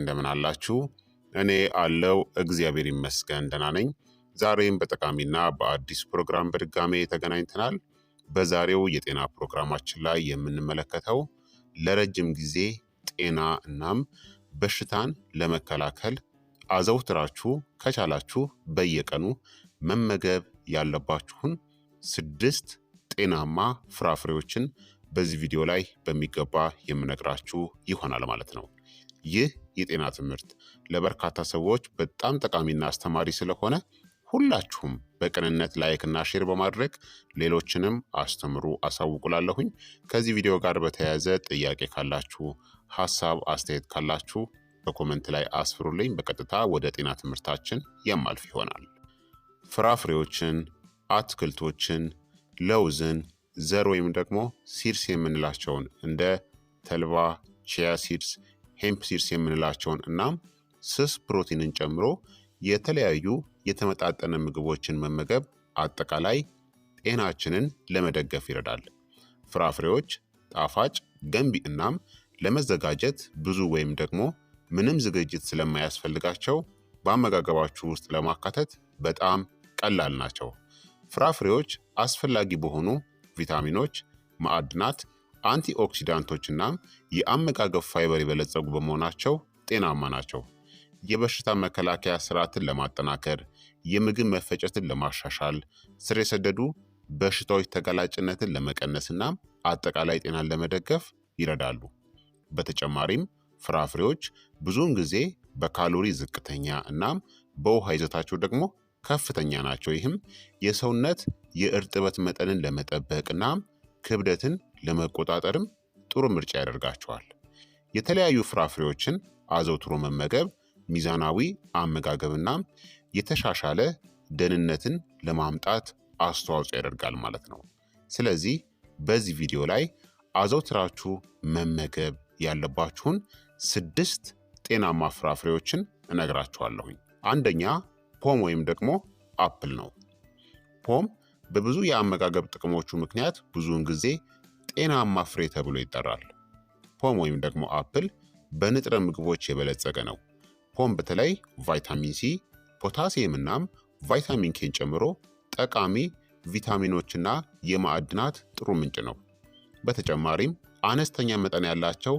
እንደምን አላችሁ? እኔ አለው እግዚአብሔር ይመስገን ደህና ነኝ። ዛሬም በጠቃሚና በአዲስ ፕሮግራም በድጋሜ ተገናኝተናል። በዛሬው የጤና ፕሮግራማችን ላይ የምንመለከተው ለረጅም ጊዜ ጤና እናም በሽታን ለመከላከል አዘውትራችሁ ከቻላችሁ በየቀኑ መመገብ ያለባችሁን ስድስት ጤናማ ፍራፍሬዎችን በዚህ ቪዲዮ ላይ በሚገባ የምነግራችሁ ይሆናል ማለት ነው። ይህ የጤና ትምህርት ለበርካታ ሰዎች በጣም ጠቃሚና አስተማሪ ስለሆነ ሁላችሁም በቅንነት ላይክ እና ሼር በማድረግ ሌሎችንም አስተምሩ አሳውቁላለሁኝ። ከዚህ ቪዲዮ ጋር በተያያዘ ጥያቄ ካላችሁ፣ ሀሳብ አስተያየት ካላችሁ በኮመንት ላይ አስፍሩልኝ። በቀጥታ ወደ ጤና ትምህርታችን የማልፍ ይሆናል። ፍራፍሬዎችን፣ አትክልቶችን፣ ለውዝን፣ ዘር ወይም ደግሞ ሲርስ የምንላቸውን እንደ ተልባ፣ ቺያ ሲድስ ሄምፕ ሲድስ የምንላቸውን እናም ስስ ፕሮቲንን ጨምሮ የተለያዩ የተመጣጠነ ምግቦችን መመገብ አጠቃላይ ጤናችንን ለመደገፍ ይረዳል። ፍራፍሬዎች ጣፋጭ፣ ገንቢ እናም ለመዘጋጀት ብዙ ወይም ደግሞ ምንም ዝግጅት ስለማያስፈልጋቸው በአመጋገባችሁ ውስጥ ለማካተት በጣም ቀላል ናቸው። ፍራፍሬዎች አስፈላጊ በሆኑ ቪታሚኖች፣ ማዕድናት ኦክሲዳንቶች እናም የአመጋገብ ፋይበር የበለጸጉ በመሆናቸው ጤናማ ናቸው። የበሽታ መከላከያ ስርዓትን ለማጠናከር፣ የምግብ መፈጨትን ለማሻሻል፣ ስር የሰደዱ በሽታዎች ተጋላጭነትን ለመቀነስ አጠቃላይ ጤናን ለመደገፍ ይረዳሉ። በተጨማሪም ፍራፍሬዎች ብዙውን ጊዜ በካሎሪ ዝቅተኛ እናም በውሃ ይዘታቸው ደግሞ ከፍተኛ ናቸው። ይህም የሰውነት የእርጥበት መጠንን ለመጠበቅ እናም ክብደትን ለመቆጣጠርም ጥሩ ምርጫ ያደርጋቸዋል። የተለያዩ ፍራፍሬዎችን አዘውትሮ መመገብ ሚዛናዊ አመጋገብና የተሻሻለ ደህንነትን ለማምጣት አስተዋጽኦ ያደርጋል ማለት ነው። ስለዚህ በዚህ ቪዲዮ ላይ አዘውትራችሁ መመገብ ያለባችሁን ስድስት ጤናማ ፍራፍሬዎችን እነግራችኋለሁኝ። አንደኛ ፖም ወይም ደግሞ አፕል ነው። ፖም በብዙ የአመጋገብ ጥቅሞቹ ምክንያት ብዙውን ጊዜ ጤናማ ፍሬ ተብሎ ይጠራል። ፖም ወይም ደግሞ አፕል በንጥረ ምግቦች የበለጸገ ነው። ፖም በተለይ ቫይታሚን ሲ፣ ፖታሲየም እናም ቫይታሚን ኬን ጨምሮ ጠቃሚ ቪታሚኖችና የማዕድናት ጥሩ ምንጭ ነው። በተጨማሪም አነስተኛ መጠን ያላቸው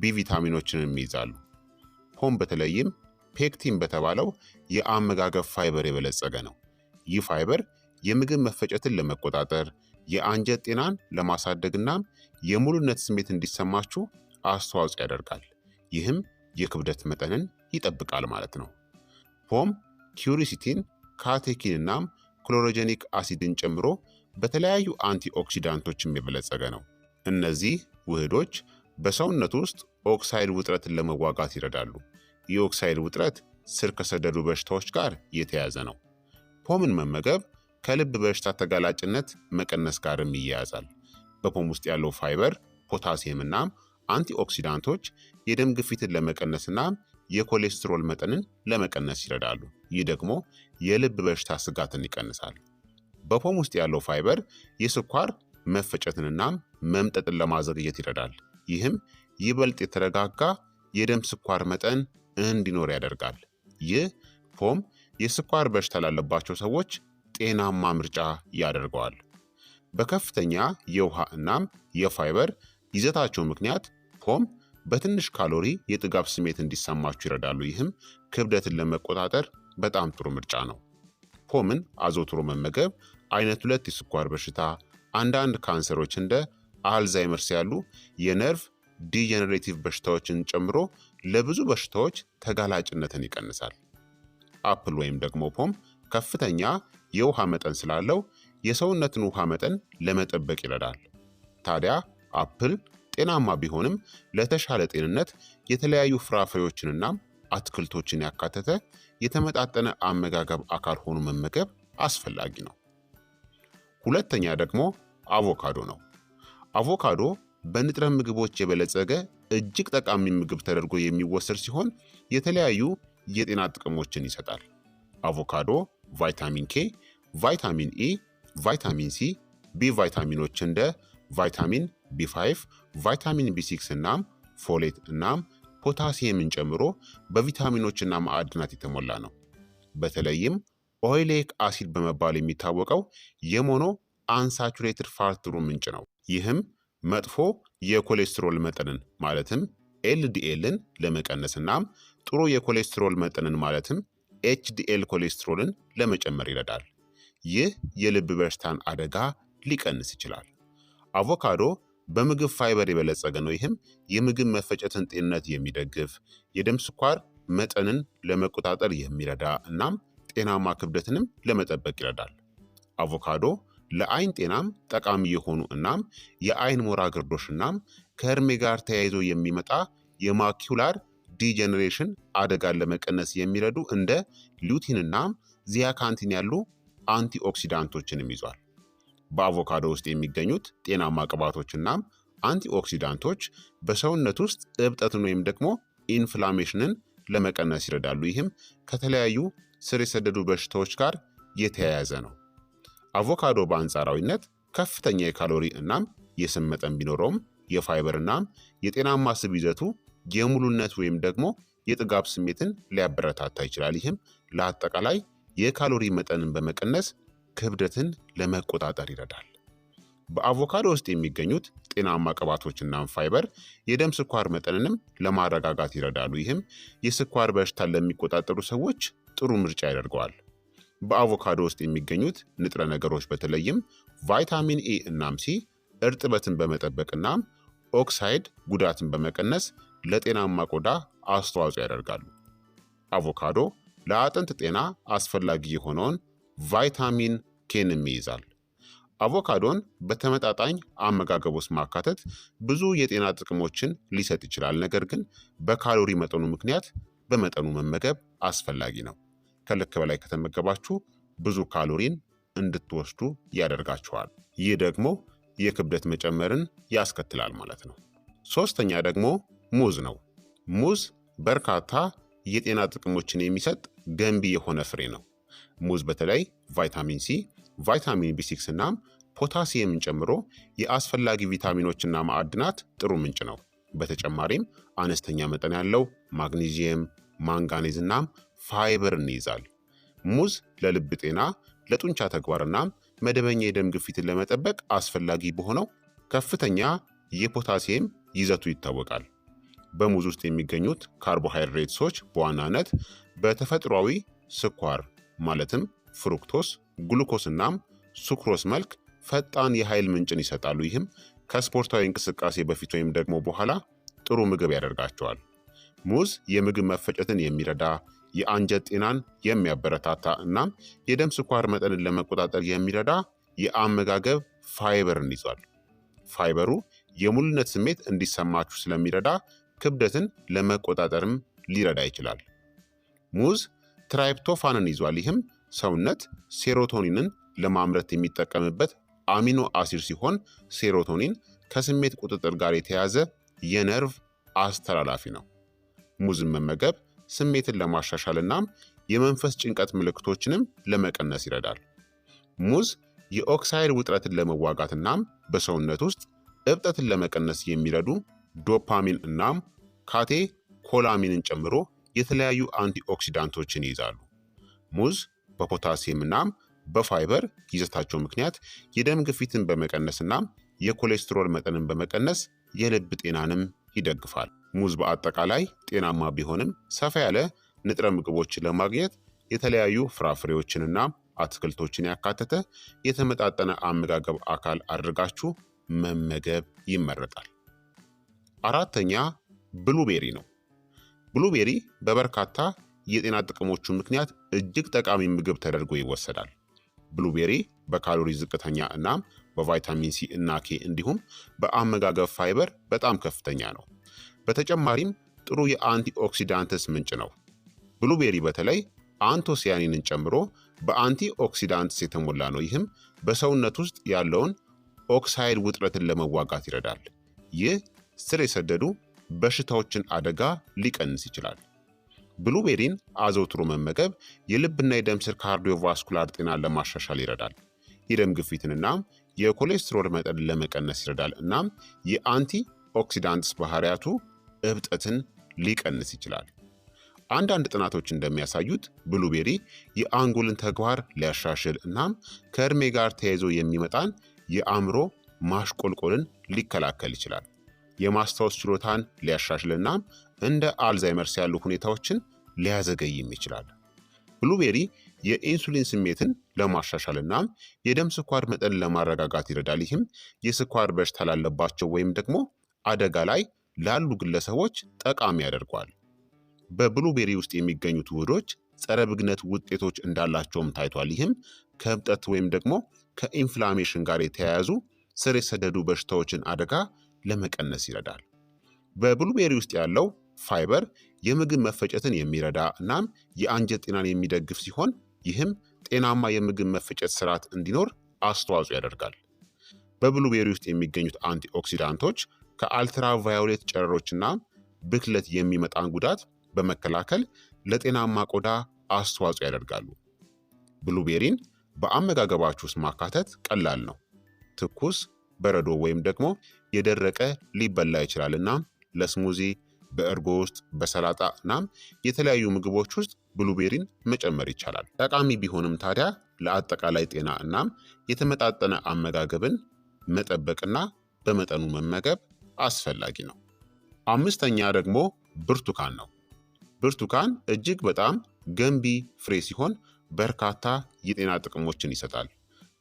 ቢ ቪታሚኖችንም ይይዛሉ። ፖም በተለይም ፔክቲን በተባለው የአመጋገብ ፋይበር የበለጸገ ነው። ይህ ፋይበር የምግብ መፈጨትን ለመቆጣጠር የአንጀት ጤናን ለማሳደግናም የሙሉነት ስሜት እንዲሰማችሁ አስተዋጽኦ ያደርጋል። ይህም የክብደት መጠንን ይጠብቃል ማለት ነው። ፖም ኪሪሲቲን፣ ካቴኪንናም ክሎሮጀኒክ አሲድን ጨምሮ በተለያዩ አንቲኦክሲዳንቶችም የበለጸገ ነው። እነዚህ ውህዶች በሰውነት ውስጥ ኦክሳይድ ውጥረትን ለመዋጋት ይረዳሉ። የኦክሳይድ ውጥረት ስር ከሰደዱ በሽታዎች ጋር የተያያዘ ነው። ፖምን መመገብ ከልብ በሽታ ተጋላጭነት መቀነስ ጋርም ይያያዛል። በፖም ውስጥ ያለው ፋይበር፣ ፖታሲየም እናም አንቲኦክሲዳንቶች የደም ግፊትን ለመቀነስና የኮሌስትሮል መጠንን ለመቀነስ ይረዳሉ። ይህ ደግሞ የልብ በሽታ ስጋትን ይቀንሳል። በፖም ውስጥ ያለው ፋይበር የስኳር መፈጨትንና መምጠጥን ለማዘግየት ይረዳል። ይህም ይበልጥ የተረጋጋ የደም ስኳር መጠን እንዲኖር ያደርጋል። ይህ ፖም የስኳር በሽታ ላለባቸው ሰዎች ጤናማ ምርጫ ያደርገዋል። በከፍተኛ የውሃ እናም የፋይበር ይዘታቸው ምክንያት ፖም በትንሽ ካሎሪ የጥጋብ ስሜት እንዲሰማችሁ ይረዳሉ። ይህም ክብደትን ለመቆጣጠር በጣም ጥሩ ምርጫ ነው። ፖምን አዘውትሮ መመገብ አይነት ሁለት የስኳር በሽታ፣ አንዳንድ ካንሰሮች እንደ አልዛይመርስ ያሉ የነርቭ ዲጀነሬቲቭ በሽታዎችን ጨምሮ ለብዙ በሽታዎች ተጋላጭነትን ይቀንሳል። አፕል ወይም ደግሞ ፖም ከፍተኛ የውሃ መጠን ስላለው የሰውነትን ውሃ መጠን ለመጠበቅ ይረዳል። ታዲያ አፕል ጤናማ ቢሆንም ለተሻለ ጤንነት የተለያዩ ፍራፍሬዎችንና አትክልቶችን ያካተተ የተመጣጠነ አመጋገብ አካል ሆኖ መመገብ አስፈላጊ ነው። ሁለተኛ ደግሞ አቮካዶ ነው። አቮካዶ በንጥረ ምግቦች የበለጸገ እጅግ ጠቃሚ ምግብ ተደርጎ የሚወሰድ ሲሆን የተለያዩ የጤና ጥቅሞችን ይሰጣል። አቮካዶ ቫይታሚን ኬ፣ ቫይታሚን ኢ፣ ቫይታሚን ሲ፣ ቢ ቫይታሚኖች እንደ ቫይታሚን ቢ5፣ ቫይታሚን ቢ6 እናም ፎሌት እናም ፖታሲየምን ጨምሮ በቪታሚኖችና ማዕድናት የተሞላ ነው። በተለይም ኦይሌክ አሲድ በመባል የሚታወቀው የሞኖ አንሳቹሬትድ ፋትሩ ምንጭ ነው። ይህም መጥፎ የኮሌስትሮል መጠንን ማለትም ኤልዲኤልን ለመቀነስ እናም ጥሩ የኮሌስትሮል መጠንን ማለትም ኤችዲኤል ኮሌስትሮልን ለመጨመር ይረዳል። ይህ የልብ በሽታን አደጋ ሊቀንስ ይችላል። አቮካዶ በምግብ ፋይበር የበለጸገ ነው። ይህም የምግብ መፈጨትን ጤንነት የሚደግፍ የደም ስኳር መጠንን ለመቆጣጠር የሚረዳ እናም ጤናማ ክብደትንም ለመጠበቅ ይረዳል። አቮካዶ ለአይን ጤናም ጠቃሚ የሆኑ እናም የአይን ሞራ ግርዶሽ እናም ከእርሜ ጋር ተያይዞ የሚመጣ የማኪውላር ዲጀኔሬሽን አደጋን ለመቀነስ የሚረዱ እንደ ሉቲንና ዚያካንቲን ያሉ አንቲኦክሲዳንቶችንም ይዟል። በአቮካዶ ውስጥ የሚገኙት ጤናማ ቅባቶችናም አንቲኦክሲዳንቶች በሰውነት ውስጥ እብጠትን ወይም ደግሞ ኢንፍላሜሽንን ለመቀነስ ይረዳሉ። ይህም ከተለያዩ ስር የሰደዱ በሽታዎች ጋር የተያያዘ ነው። አቮካዶ በአንጻራዊነት ከፍተኛ የካሎሪ እናም የስብ መጠን ቢኖረውም የፋይበር እናም የጤናማ ስብ ይዘቱ የሙሉነት ወይም ደግሞ የጥጋብ ስሜትን ሊያበረታታ ይችላል። ይህም ለአጠቃላይ የካሎሪ መጠንን በመቀነስ ክብደትን ለመቆጣጠር ይረዳል። በአቮካዶ ውስጥ የሚገኙት ጤናማ ቅባቶችና ፋይበር የደም ስኳር መጠንንም ለማረጋጋት ይረዳሉ። ይህም የስኳር በሽታን ለሚቆጣጠሩ ሰዎች ጥሩ ምርጫ ያደርገዋል። በአቮካዶ ውስጥ የሚገኙት ንጥረ ነገሮች በተለይም ቫይታሚን ኤ እናም ሲ እርጥበትን በመጠበቅና ኦክሳይድ ጉዳትን በመቀነስ ለጤናማ ቆዳ አስተዋጽኦ ያደርጋሉ። አቮካዶ ለአጥንት ጤና አስፈላጊ የሆነውን ቫይታሚን ኬንም ይይዛል። አቮካዶን በተመጣጣኝ አመጋገብ ውስጥ ማካተት ብዙ የጤና ጥቅሞችን ሊሰጥ ይችላል። ነገር ግን በካሎሪ መጠኑ ምክንያት በመጠኑ መመገብ አስፈላጊ ነው። ከልክ በላይ ከተመገባችሁ ብዙ ካሎሪን እንድትወስዱ ያደርጋችኋል። ይህ ደግሞ የክብደት መጨመርን ያስከትላል ማለት ነው። ሶስተኛ ደግሞ ሙዝ ነው። ሙዝ በርካታ የጤና ጥቅሞችን የሚሰጥ ገንቢ የሆነ ፍሬ ነው። ሙዝ በተለይ ቫይታሚን ሲ፣ ቫይታሚን ቢ6 እናም ፖታሲየምን ጨምሮ የአስፈላጊ ቪታሚኖችና ማዕድናት ጥሩ ምንጭ ነው። በተጨማሪም አነስተኛ መጠን ያለው ማግኒዚየም ማንጋኔዝ እናም ፋይበርን ይይዛል። ሙዝ ለልብ ጤና፣ ለጡንቻ ተግባር እናም መደበኛ የደም ግፊትን ለመጠበቅ አስፈላጊ በሆነው ከፍተኛ የፖታሲየም ይዘቱ ይታወቃል። በሙዝ ውስጥ የሚገኙት ካርቦሃይድሬትሶች በዋናነት በተፈጥሯዊ ስኳር ማለትም ፍሩክቶስ፣ ግሉኮስ እናም ሱክሮስ መልክ ፈጣን የኃይል ምንጭን ይሰጣሉ። ይህም ከስፖርታዊ እንቅስቃሴ በፊት ወይም ደግሞ በኋላ ጥሩ ምግብ ያደርጋቸዋል። ሙዝ የምግብ መፈጨትን የሚረዳ የአንጀት ጤናን የሚያበረታታ እናም የደም ስኳር መጠንን ለመቆጣጠር የሚረዳ የአመጋገብ ፋይበርን ይዟል። ፋይበሩ የሙሉነት ስሜት እንዲሰማችሁ ስለሚረዳ ክብደትን ለመቆጣጠርም ሊረዳ ይችላል። ሙዝ ትራይፕቶፋንን ይዟል። ይህም ሰውነት ሴሮቶኒንን ለማምረት የሚጠቀምበት አሚኖ አሲድ ሲሆን ሴሮቶኒን ከስሜት ቁጥጥር ጋር የተያዘ የነርቭ አስተላላፊ ነው። ሙዝን መመገብ ስሜትን ለማሻሻል እናም የመንፈስ ጭንቀት ምልክቶችንም ለመቀነስ ይረዳል። ሙዝ የኦክሳይድ ውጥረትን ለመዋጋት እናም በሰውነት ውስጥ እብጠትን ለመቀነስ የሚረዱ ዶፓሚን እናም ካቴ ኮላሚንን ጨምሮ የተለያዩ አንቲኦክሲዳንቶችን ይይዛሉ። ሙዝ በፖታሲየም እናም በፋይበር ይዘታቸው ምክንያት የደም ግፊትን በመቀነስ እናም የኮሌስትሮል መጠንን በመቀነስ የልብ ጤናንም ይደግፋል። ሙዝ በአጠቃላይ ጤናማ ቢሆንም ሰፋ ያለ ንጥረ ምግቦችን ለማግኘት የተለያዩ ፍራፍሬዎችንና አትክልቶችን ያካተተ የተመጣጠነ አመጋገብ አካል አድርጋችሁ መመገብ ይመረጣል። አራተኛ ብሉቤሪ ነው። ብሉቤሪ በበርካታ የጤና ጥቅሞቹ ምክንያት እጅግ ጠቃሚ ምግብ ተደርጎ ይወሰዳል። ብሉቤሪ በካሎሪ ዝቅተኛ እናም በቫይታሚን ሲ እና ኬ እንዲሁም በአመጋገብ ፋይበር በጣም ከፍተኛ ነው። በተጨማሪም ጥሩ የአንቲ ኦክሲዳንትስ ምንጭ ነው። ብሉቤሪ በተለይ አንቶሲያኒንን ጨምሮ በአንቲ ኦክሲዳንትስ የተሞላ ነው። ይህም በሰውነት ውስጥ ያለውን ኦክሳይድ ውጥረትን ለመዋጋት ይረዳል። ይህ ስር የሰደዱ በሽታዎችን አደጋ ሊቀንስ ይችላል። ብሉቤሪን አዘውትሮ መመገብ የልብና የደም ስር ካርዲዮቫስኩላር ጤናን ለማሻሻል ይረዳል። የደም ግፊትን የኮሌስትሮል መጠን ለመቀነስ ይረዳል። እናም የአንቲ ኦክሲዳንትስ ባህሪያቱ እብጠትን ሊቀንስ ይችላል። አንዳንድ ጥናቶች እንደሚያሳዩት ብሉቤሪ የአንጎልን ተግባር ሊያሻሽል እናም ከእድሜ ጋር ተያይዞ የሚመጣን የአእምሮ ማሽቆልቆልን ሊከላከል ይችላል። የማስታወስ ችሎታን ሊያሻሽልና እንደ አልዛይመርስ ያሉ ሁኔታዎችን ሊያዘገይም ይችላል። ብሉቤሪ የኢንሱሊን ስሜትን ለማሻሻልና የደም ስኳር መጠን ለማረጋጋት ይረዳል። ይህም የስኳር በሽታ ላለባቸው ወይም ደግሞ አደጋ ላይ ላሉ ግለሰቦች ጠቃሚ ያደርጓል። በብሉቤሪ ውስጥ የሚገኙት ውህዶች ጸረ ብግነት ውጤቶች እንዳላቸውም ታይቷል። ይህም ከእብጠት ወይም ደግሞ ከኢንፍላሜሽን ጋር የተያያዙ ስር የሰደዱ በሽታዎችን አደጋ ለመቀነስ ይረዳል። በብሉቤሪ ውስጥ ያለው ፋይበር የምግብ መፈጨትን የሚረዳ እናም የአንጀት ጤናን የሚደግፍ ሲሆን ይህም ጤናማ የምግብ መፈጨት ስርዓት እንዲኖር አስተዋጽኦ ያደርጋል። በብሉቤሪ ውስጥ የሚገኙት አንቲኦክሲዳንቶች ከአልትራቫዮሌት ጨረሮችና ብክለት የሚመጣን ጉዳት በመከላከል ለጤናማ ቆዳ አስተዋጽኦ ያደርጋሉ። ብሉቤሪን በአመጋገባችሁ ውስጥ ማካተት ቀላል ነው። ትኩስ በረዶ ወይም ደግሞ የደረቀ ሊበላ ይችላል። እናም ለስሙዚ በእርጎ ውስጥ በሰላጣ እናም የተለያዩ ምግቦች ውስጥ ብሉቤሪን መጨመር ይቻላል። ጠቃሚ ቢሆንም ታዲያ ለአጠቃላይ ጤና እናም የተመጣጠነ አመጋገብን መጠበቅና በመጠኑ መመገብ አስፈላጊ ነው። አምስተኛ ደግሞ ብርቱካን ነው። ብርቱካን እጅግ በጣም ገንቢ ፍሬ ሲሆን በርካታ የጤና ጥቅሞችን ይሰጣል።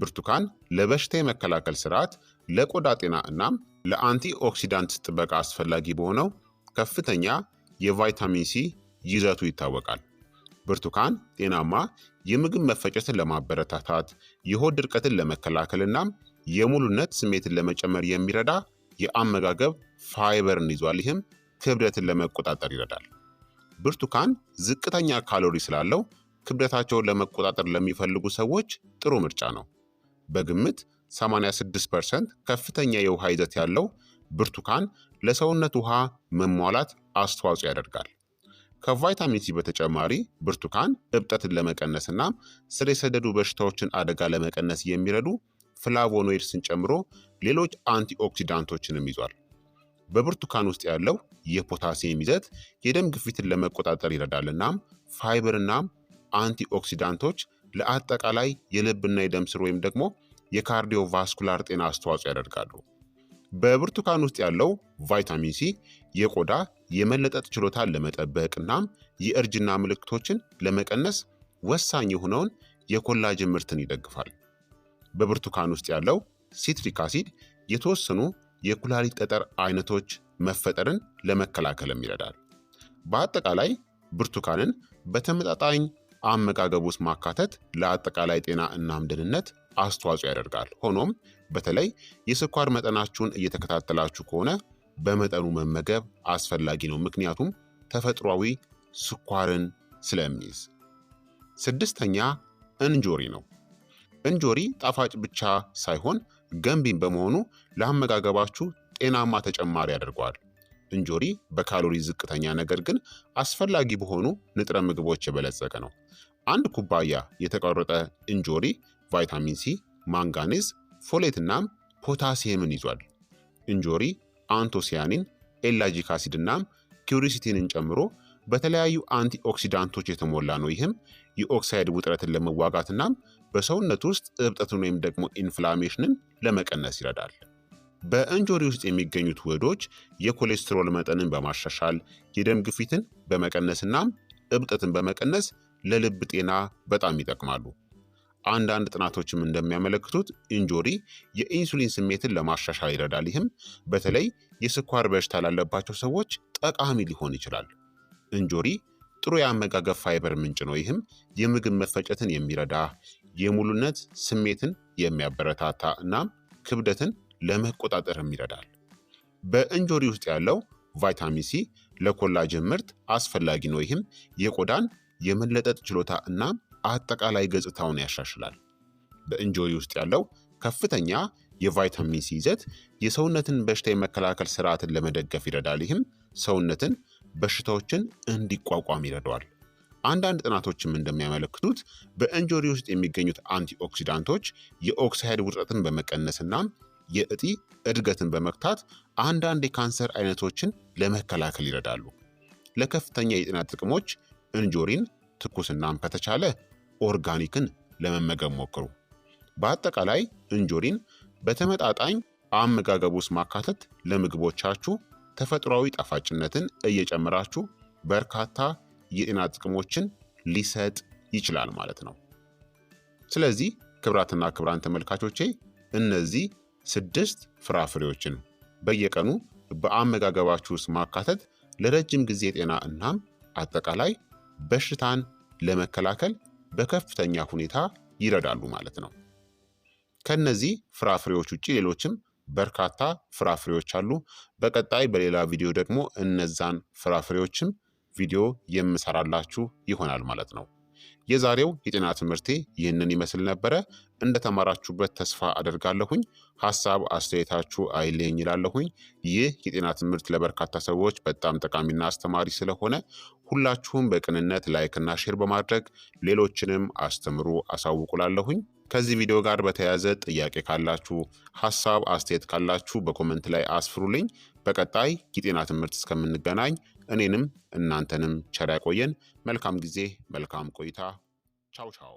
ብርቱካን ለበሽታ የመከላከል ስርዓት፣ ለቆዳ ጤና እናም ለአንቲ ኦክሲዳንት ጥበቃ አስፈላጊ በሆነው ከፍተኛ የቫይታሚን ሲ ይዘቱ ይታወቃል። ብርቱካን ጤናማ የምግብ መፈጨትን ለማበረታታት የሆድ ድርቀትን ለመከላከል እናም የሙሉነት ስሜትን ለመጨመር የሚረዳ የአመጋገብ ፋይበርን ይዟል። ይህም ክብደትን ለመቆጣጠር ይረዳል። ብርቱካን ዝቅተኛ ካሎሪ ስላለው ክብደታቸውን ለመቆጣጠር ለሚፈልጉ ሰዎች ጥሩ ምርጫ ነው። በግምት 86 ፐርሰንት ከፍተኛ የውሃ ይዘት ያለው ብርቱካን ለሰውነት ውሃ መሟላት አስተዋጽኦ ያደርጋል። ከቫይታሚን ሲ በተጨማሪ ብርቱካን እብጠትን ለመቀነስና ስር የሰደዱ በሽታዎችን አደጋ ለመቀነስ የሚረዱ ፍላቮኖይድስን ጨምሮ ሌሎች አንቲኦክሲዳንቶችንም ይዟል። በብርቱካን ውስጥ ያለው የፖታሲየም ይዘት የደም ግፊትን ለመቆጣጠር ይረዳል። እናም ፋይበርናም አንቲኦክሲዳንቶች ለአጠቃላይ የልብና የደም ስር ወይም ደግሞ የካርዲዮቫስኩላር ጤና አስተዋጽኦ ያደርጋሉ። በብርቱካን ውስጥ ያለው ቫይታሚን ሲ የቆዳ የመለጠጥ ችሎታን ለመጠበቅ እናም የእርጅና ምልክቶችን ለመቀነስ ወሳኝ የሆነውን የኮላጅን ምርትን ይደግፋል። በብርቱካን ውስጥ ያለው ሲትሪክ አሲድ የተወሰኑ የኩላሊት ጠጠር አይነቶች መፈጠርን ለመከላከልም ይረዳል። በአጠቃላይ ብርቱካንን በተመጣጣኝ አመጋገብ ውስጥ ማካተት ለአጠቃላይ ጤና እናም ደህንነት አስተዋጽኦ ያደርጋል። ሆኖም በተለይ የስኳር መጠናችሁን እየተከታተላችሁ ከሆነ በመጠኑ መመገብ አስፈላጊ ነው፣ ምክንያቱም ተፈጥሯዊ ስኳርን ስለሚይዝ። ስድስተኛ እንጆሪ ነው። እንጆሪ ጣፋጭ ብቻ ሳይሆን ገንቢም በመሆኑ ለአመጋገባችሁ ጤናማ ተጨማሪ ያደርገዋል። እንጆሪ በካሎሪ ዝቅተኛ ነገር ግን አስፈላጊ በሆኑ ንጥረ ምግቦች የበለጸገ ነው። አንድ ኩባያ የተቆረጠ እንጆሪ ቫይታሚን ሲ፣ ማንጋኔዝ፣ ፎሌትናም ፖታሲየምን ይዟል። እንጆሪ አንቶሲያኒን፣ ኤላጂክ አሲድ እናም ኪሪሲቲንን ጨምሮ በተለያዩ አንቲ ኦክሲዳንቶች የተሞላ ነው። ይህም የኦክሳይድ ውጥረትን ለመዋጋት እናም በሰውነት ውስጥ እብጠትን ወይም ደግሞ ኢንፍላሜሽንን ለመቀነስ ይረዳል። በእንጆሪ ውስጥ የሚገኙት ውህዶች የኮሌስትሮል መጠንን በማሻሻል የደም ግፊትን በመቀነስ እናም እብጠትን በመቀነስ ለልብ ጤና በጣም ይጠቅማሉ። አንዳንድ ጥናቶችም እንደሚያመለክቱት እንጆሪ የኢንሱሊን ስሜትን ለማሻሻል ይረዳል። ይህም በተለይ የስኳር በሽታ ላለባቸው ሰዎች ጠቃሚ ሊሆን ይችላል። እንጆሪ ጥሩ የአመጋገብ ፋይበር ምንጭ ነው። ይህም የምግብ መፈጨትን የሚረዳ የሙሉነት ስሜትን የሚያበረታታ እናም ክብደትን ለመቆጣጠርም ይረዳል። በእንጆሪ ውስጥ ያለው ቫይታሚን ሲ ለኮላጅን ምርት አስፈላጊ ነው። ይህም የቆዳን የመለጠጥ ችሎታ እናም አጠቃላይ ገጽታውን ያሻሽላል። በእንጆይ ውስጥ ያለው ከፍተኛ የቫይታሚን ሲ ይዘት የሰውነትን በሽታ የመከላከል ስርዓትን ለመደገፍ ይረዳል። ይህም ሰውነትን በሽታዎችን እንዲቋቋም ይረዳዋል። አንዳንድ ጥናቶችም እንደሚያመለክቱት በእንጆሪ ውስጥ የሚገኙት አንቲኦክሲዳንቶች የኦክሳይድ ውጥረትን በመቀነስና የእጢ እድገትን በመግታት አንዳንድ የካንሰር አይነቶችን ለመከላከል ይረዳሉ። ለከፍተኛ የጤና ጥቅሞች እንጆሪን ትኩስናም ከተቻለ ኦርጋኒክን ለመመገብ ሞክሩ። በአጠቃላይ እንጆሪን በተመጣጣኝ አመጋገብ ውስጥ ማካተት ለምግቦቻችሁ ተፈጥሯዊ ጣፋጭነትን እየጨመራችሁ በርካታ የጤና ጥቅሞችን ሊሰጥ ይችላል ማለት ነው። ስለዚህ ክብራትና ክብራን ተመልካቾቼ እነዚህ ስድስት ፍራፍሬዎችን በየቀኑ በአመጋገባችሁ ውስጥ ማካተት ለረጅም ጊዜ ጤና እናም አጠቃላይ በሽታን ለመከላከል በከፍተኛ ሁኔታ ይረዳሉ ማለት ነው። ከነዚህ ፍራፍሬዎች ውጭ ሌሎችም በርካታ ፍራፍሬዎች አሉ። በቀጣይ በሌላ ቪዲዮ ደግሞ እነዛን ፍራፍሬዎችም ቪዲዮ የምሰራላችሁ ይሆናል ማለት ነው። የዛሬው የጤና ትምህርቴ ይህንን ይመስል ነበረ። እንደተማራችሁበት ተስፋ አደርጋለሁኝ። ሀሳብ አስተያየታችሁ አይለኝ ይላለሁኝ። ይህ የጤና ትምህርት ለበርካታ ሰዎች በጣም ጠቃሚና አስተማሪ ስለሆነ ሁላችሁም በቅንነት ላይክና ሼር በማድረግ ሌሎችንም አስተምሩ አሳውቁላለሁኝ። ከዚህ ቪዲዮ ጋር በተያያዘ ጥያቄ ካላችሁ፣ ሀሳብ አስተያየት ካላችሁ በኮመንት ላይ አስፍሩልኝ። በቀጣይ የጤና ትምህርት እስከምንገናኝ እኔንም እናንተንም ቸር ያቆየን። መልካም ጊዜ፣ መልካም ቆይታ። ቻው ቻው